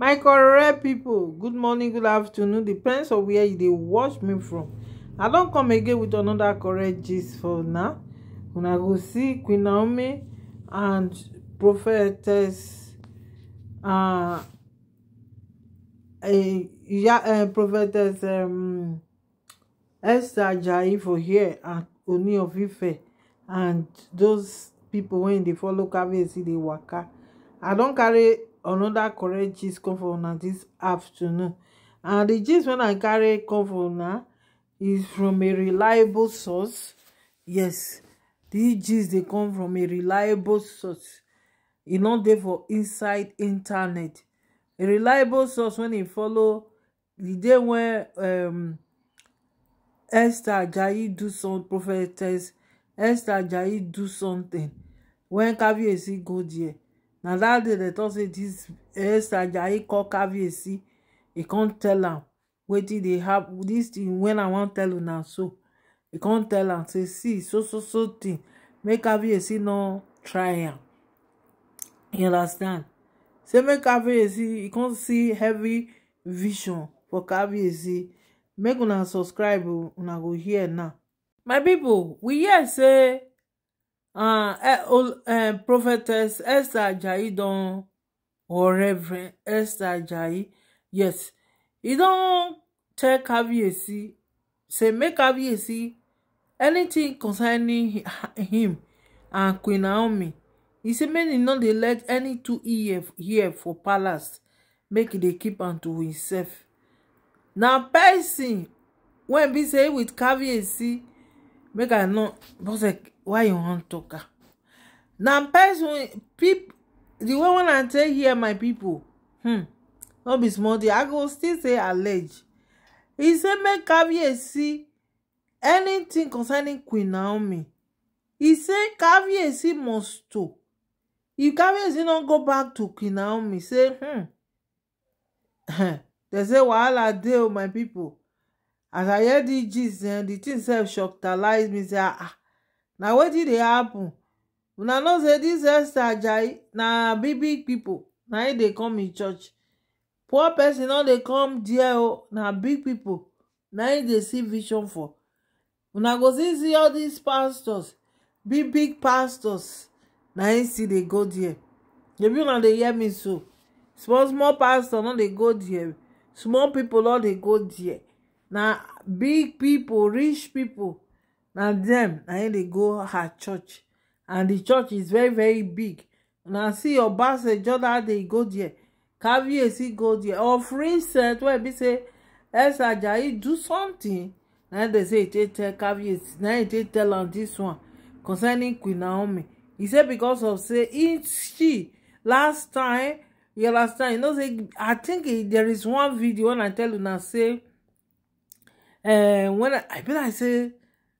my correct people. good morning good afternoon depends on where you dey watch me from i don come again with another correct gist for now una go see queen naomi and prophetess uh, uh, prophetess um, esther ajayi for here and oni of ife and those people wey dey follow caviarcy dey waka i don carry another correct gist come for una dis afternoon and the gist when i carry come for una is from a reliable source yes these gist they come from a reliable source It's e not there for inside internet a reliable source when e follow the day when um, esther Jai do some prophetess esther Jai do something when wen is go there na that day dem tok say dis esther ajayi call caviarcy e come tell am wetin dey happen this thing When i wan tell una so e come tell am say see so so so thing make caviarcy no try am you understand say make caviarcy e come see heavy vision for caviarcy make una subscribe una go hear now my people, we hear say Eh, eh, prophetess esther ajayi don or reverend esther ajayi yes e don tell kavaise say make kavaise anything concerning him and queen naomi e say make e no dey let any two ear for palace make e dey keep am to himself na pesin wey be say with kavaise. make i know boss like why you want tok am na person people the one i tell here my people, hmm no be small i go still say allege He said, make caviar see anything concerning queen naomi He said, caviar see must to if caviar see no go back to queen naomi say hmm They say wahala dey o oh, my people." as i hear dis gist dem eh, di tin sef shocktalize me say ah na wetin dey happen una know say dis esther ajayi na big big pipo na im dey come im church poor person, no dey come there o oh, na big pipo na im dey see vision for una go see see all dis pastors big big pastors na im still dey go there maybe una dey hear me so small small pastor no dey go there small pipo no dey go there na big people, rich people, na dem na im dey go her church and the church is very very big na see obasanjo dat dey go there kabiyesi go there offering set wey be say esa ajayi do something na dey say e take tell kabiyesi na e take tell am this one concerning queen naomi He say because of say e she last time you understand you know say i think there is one video when i tell una say And eh, when I, I be like say,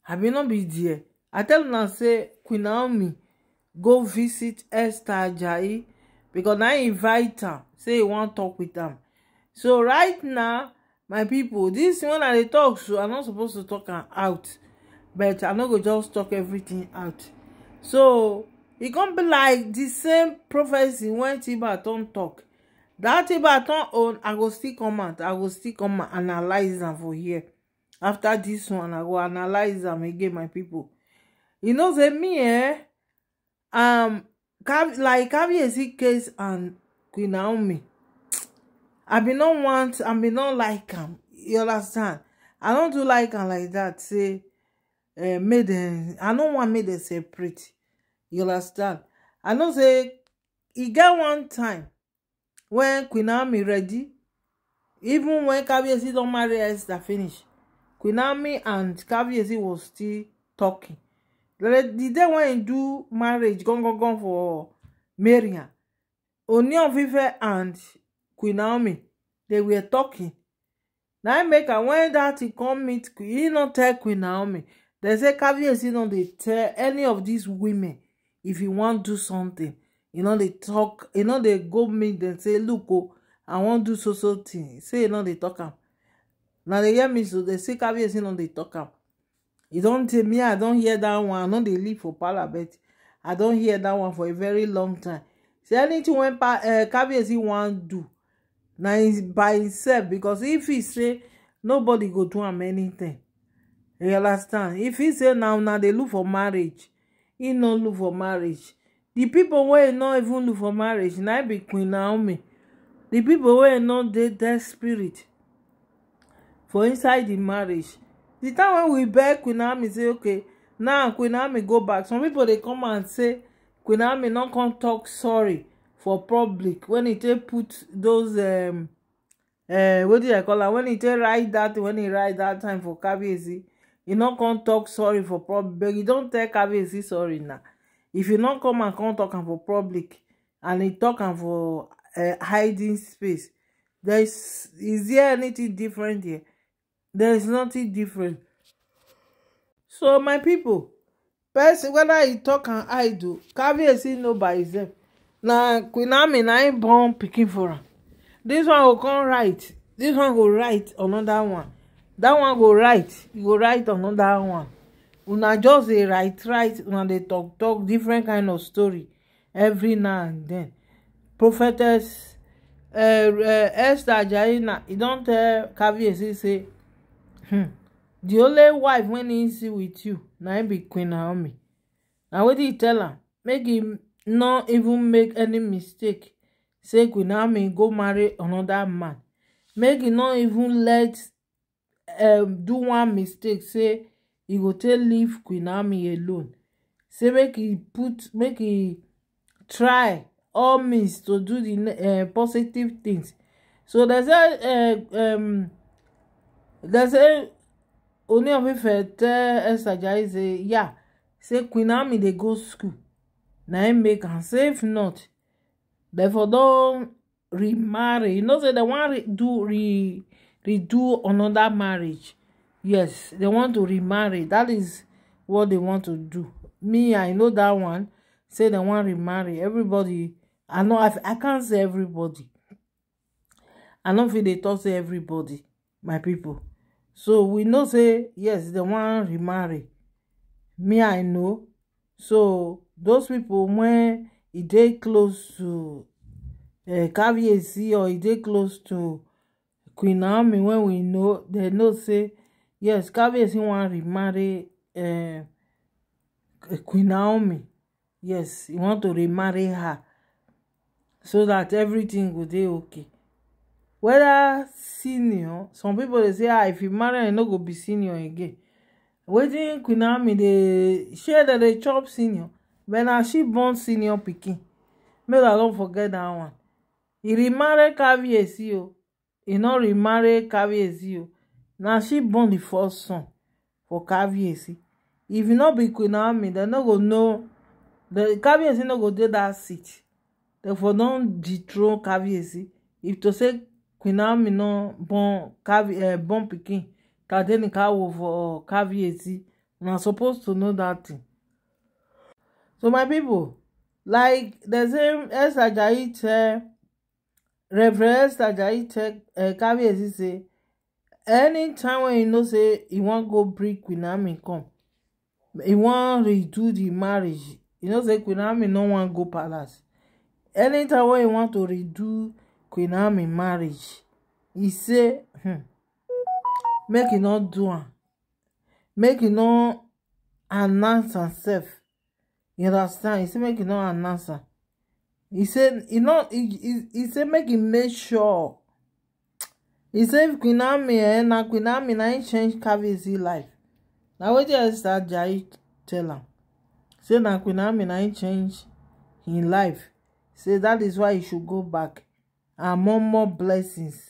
I may not be there. I tell una say Queen Naomi go visit Esther Ajayi because I invite am say he wan talk with am. So right now, my people, this one I dey talk so I no suppose to talk am out, but I no go just talk everything out. So e come be like the same prophecy when Tibetan talk. That Tibetan own, I go still come out, I go still come out, analyze am for here after this one i go analyze am again my people. you know say me eh um like kabiyesi case and queen naomi i bin no want i bin no like am you understand i no too like am like that. say eh, make dem i no want make dem separate you understand i know say e get one time when queen naomi ready even wen kabiyesi don marry esther finish Queen and Kabiyesi was still talking the day when he do marriage gone gone gone for Maria, Ooni of Ife and Queen they were talking Now make am when that he come meet he not tell Queen They say Kabiyesi don't dey tell any of these women if he wan do something You know they talk You know they go meet They say look o oh, I wan do so so thing say you know they talk am na dey hear me so dey say kabiyesi no dey talk am e don tey me i don hear dat one i no dey live for palabet i don hear dat one for a very long time say anything wey uh, eh, kabiyesi wan do na by himself because if he say nobody go do am anything you understand if he say na una dey look for marriage he no look for marriage di pipo wey no even look for marriage na be queen naomi di pipo wey no dey dead spirit for inside the marriage the time when we beg queen naomi say okay now queen naomi go back some people dey come and say queen naomi no come talk sorry for public When he take put those um, uh, what do i call am wen e take write that, when he write that, time for kabiyesi he no come talk sorry for public But e don tell kabiyesi sorry na if he no come and come talk am for public and he talk am for eh, hiding space there is is there anything different here there is nothing different so my people, person whether e talk and i do Kabiyesi know by himself Now queen Naomi na im born picking for am dis one will come right This one will write another one That one will write. You will write another one una just dey write write una dey talk talk different kind of story every now and then prophetess eh, eh, esther jayina e don tell Kabiyesi say hmm di only wife wey e see with you Now im be queen naomi Now what did he tell her? make him not even make any mistake say queen naomi go marry another man make him not even let um, do one mistake say he go take leave queen naomi alone say make e put make e try all means to do the uh positive things so dem say uh, um they say Ooni of Ife tell Esther Ajayi say yeah say Queen Naomi dey go school na im make am say if not dem for don remarry you know say dem wan re re redo another marriage yes dem want to remarry that is what dem want to do me i know that one say dem wan remarry everybody i know i i can't say everybody i no fit dey talk say everybody my people so we know say yes dem wan remarry me i know so those people wen e dey close to caviarcy eh, or e dey close to queen naomi when we know dem know say yes caviarcy wan remarry eh, queen naomi yes e want to remarry her so that everything go dey okay whether senior some people dey say ah if you marry you no go be senior again wetin queen ami dey share dem dey chop senior but na she born senior pikin make i don forget that one He remarry caviezi o He no remarry caviezi o na she born the first son for caviezi if you no be queen ami dem no go know The caviezi no go dey that seat dem for don dethrone caviezi if to say queen naomi no born uh, born pikin tadenikawo for oh, caviezi una suppose to know dat tin so my pipo like the same esther ajayi tell reverend esther ajayi tell caviezi say anytime wey e know say e wan go bring queen naomi come e wan redo the marriage e know say queen naomi no wan go palace anytime wey e want to redo queen marriage e say hmm, make e no do am make e no announce amsef you understand e say make e no announce am e say e no e que make e make sure e say queen ami eh na queen ami na im change Kavizi life na wetin esther ajayi tell am say na queen ami na im change im life say that is why e should go back and more more blessings